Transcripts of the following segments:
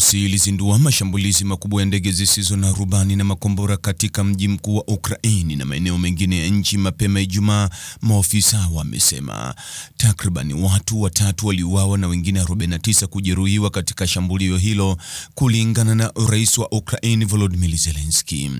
Urusi ilizindua mashambulizi makubwa ya ndege zisizo na rubani na makombora katika mji mkuu wa Ukraini na maeneo mengine ya nchi mapema Ijumaa, maofisa wamesema. Takribani watu watatu waliuawa na wengine 49 kujeruhiwa katika shambulio hilo, kulingana na Rais wa Ukraini Volodymyr Zelensky.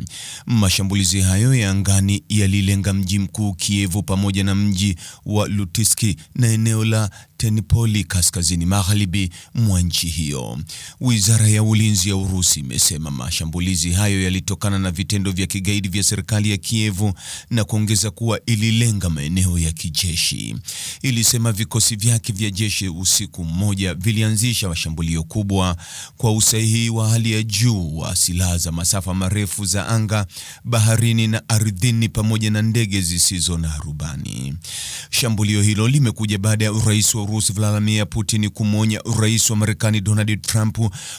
Mashambulizi hayo ya angani yalilenga mji mkuu Kievu pamoja na mji wa lutiski na eneo la Ternopil kaskazini magharibi mwa nchi hiyo. Wizara ya Ulinzi ya Urusi imesema mashambulizi hayo yalitokana na vitendo vya kigaidi vya serikali ya Kievu na kuongeza kuwa ililenga maeneo ya kijeshi. Ilisema vikosi vyake vya jeshi usiku mmoja vilianzisha mashambulio kubwa kwa usahihi wa hali ya juu wa silaha za masafa marefu za anga, baharini na ardhini pamoja na ndege zisizo na rubani. Shambulio hilo limekuja baada ya Rais wa Urusi Vladimir Putin kumwonya Rais wa Marekani Donald Trump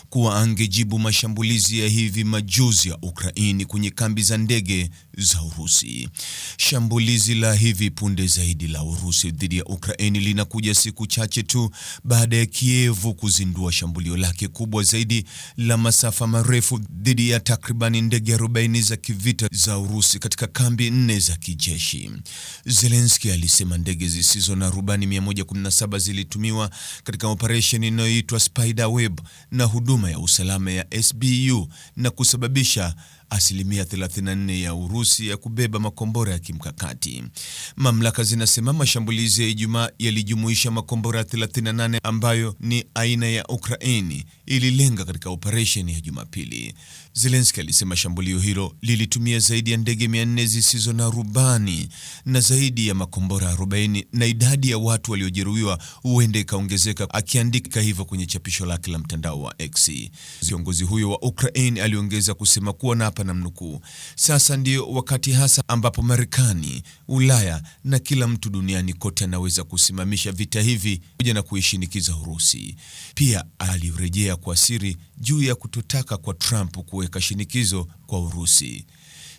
kuwa angejibu mashambulizi ya hivi majuzi ya Ukraini kwenye kambi za ndege za Urusi. Shambulizi la hivi punde zaidi la Urusi dhidi ya Ukraini linakuja siku chache tu baada ya Kievu kuzindua shambulio lake kubwa zaidi la masafa marefu dhidi ya takribani ndege 40 za kivita za Urusi katika kambi nne za kijeshi. Zelensky alisema ndege zisizo na rubani 117 zilitumiwa katika operesheni inayoitwa web na huduma ya usalama ya SBU na kusababisha asilimia 34 ya Urusi ya kubeba makombora ya kimkakati. Mamlaka zinasema mashambulizi ya Ijumaa yalijumuisha makombora 38 ambayo ni aina ya Ukraini ililenga katika operesheni ya Jumapili. Zelensky alisema shambulio hilo lilitumia zaidi ya ndege 400 zisizo na rubani na zaidi ya makombora 40 na idadi ya watu waliojeruhiwa huenda ikaongezeka, akiandika hivyo kwenye chapisho lake la mtandao wa X. Kiongozi huyo wa Ukraine aliongeza kusema kuwa na hapa mnukuu, sasa ndio wakati hasa ambapo Marekani, Ulaya na kila mtu duniani kote anaweza kusimamisha vita hivi kuja na kuishinikiza Urusi. Pia alirejea kwa siri juu ya kutotaka kwa Trump kuweka shinikizo kwa Urusi.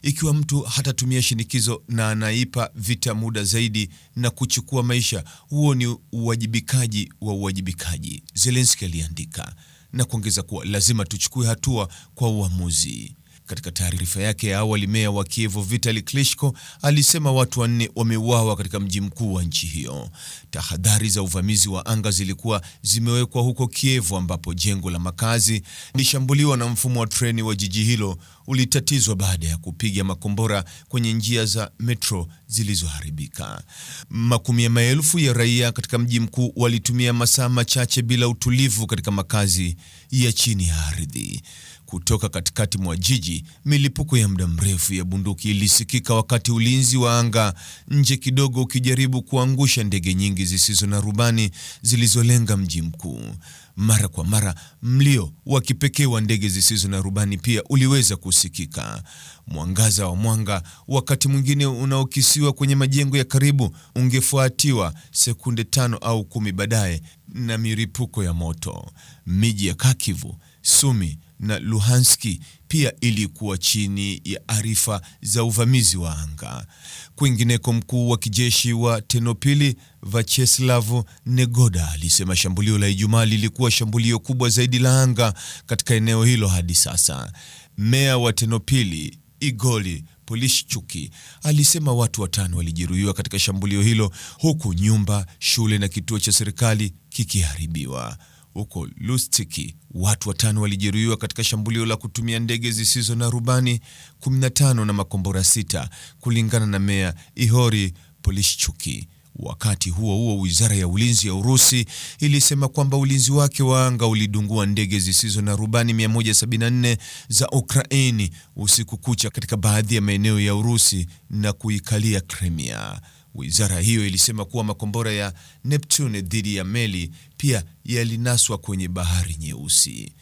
Ikiwa mtu hatatumia shinikizo na anaipa vita muda zaidi na kuchukua maisha, huo ni uwajibikaji wa uwajibikaji, Zelensky aliandika na kuongeza kuwa lazima tuchukue hatua kwa uamuzi. Katika taarifa yake ya awali, meya wa Kievo Vitali Klitschko alisema watu wanne wameuawa katika mji mkuu wa nchi hiyo. Tahadhari za uvamizi wa anga zilikuwa zimewekwa huko Kievo, ambapo jengo la makazi lishambuliwa na mfumo wa treni wa jiji hilo ulitatizwa baada ya kupiga makombora kwenye njia za metro zilizoharibika. Makumi ya maelfu ya raia katika mji mkuu walitumia masaa machache bila utulivu katika makazi ya chini ya ardhi. Kutoka katikati mwa jiji, milipuko ya muda mrefu ya bunduki ilisikika wakati ulinzi wa anga nje kidogo ukijaribu kuangusha ndege nyingi zisizo na rubani zilizolenga mji mkuu. Mara kwa mara, mlio wa kipekee wa ndege zisizo na rubani pia uliweza ku kusikika. Mwangaza wa mwanga wakati mwingine unaokisiwa kwenye majengo ya karibu ungefuatiwa sekunde tano au kumi baadaye na miripuko ya moto. Miji ya Kakivu, Sumi na Luhanski pia ilikuwa chini ya arifa za uvamizi wa anga. Kwingineko, mkuu wa kijeshi wa tenopili Vacheslav Negoda alisema shambulio la Ijumaa lilikuwa shambulio kubwa zaidi la anga katika eneo hilo hadi sasa. Meya wa tenopili igoli polishchuki alisema watu watano walijeruhiwa katika shambulio hilo, huku nyumba, shule na kituo cha serikali kikiharibiwa. Huko lustiki watu watano walijeruhiwa katika shambulio la kutumia ndege zisizo na rubani 15 na makombora sita, kulingana na meya Ihori polishchuki Wakati huo huo, wizara ya ulinzi ya Urusi ilisema kwamba ulinzi wake wa anga ulidungua ndege zisizo na rubani 174 za Ukraini usiku kucha katika baadhi ya maeneo ya Urusi na kuikalia Crimea. Wizara hiyo ilisema kuwa makombora ya Neptune dhidi ya meli pia yalinaswa kwenye Bahari Nyeusi.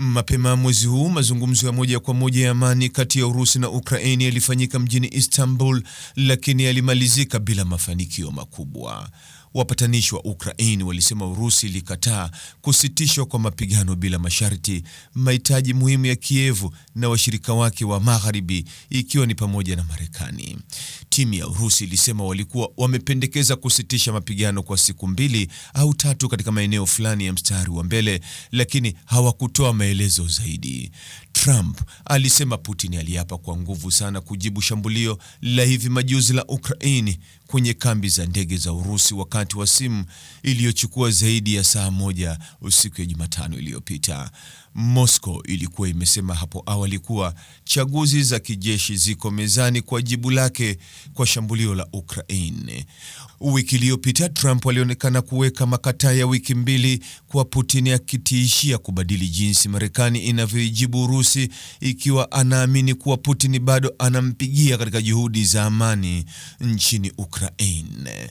Mapema mwezi huu mazungumzo ya moja kwa moja ya amani kati ya Urusi na Ukraini yalifanyika mjini Istanbul, lakini yalimalizika bila mafanikio makubwa. Wapatanishi wa Ukraini walisema Urusi ilikataa kusitishwa kwa mapigano bila masharti, mahitaji muhimu ya Kievu na washirika wake wa Magharibi, ikiwa ni pamoja na Marekani. Timu ya Urusi ilisema walikuwa wamependekeza kusitisha mapigano kwa siku mbili au tatu katika maeneo fulani ya mstari wa mbele, lakini hawakutoa maelezo zaidi. Trump alisema Putin aliapa kwa nguvu sana kujibu shambulio la hivi majuzi la Ukraini kwenye kambi za ndege za Urusi wakati wa simu iliyochukua zaidi ya saa moja usiku ya Jumatano iliyopita. Moscow ilikuwa imesema hapo awali kuwa chaguzi za kijeshi ziko mezani kwa jibu lake kwa shambulio la Ukraine. Wiki iliyopita Trump alionekana kuweka makataa ya wiki mbili kwa Putin, akitiishia kubadili jinsi Marekani inavyoijibu Urusi ikiwa anaamini kuwa Putin bado anampigia katika juhudi za amani nchini Ukraine.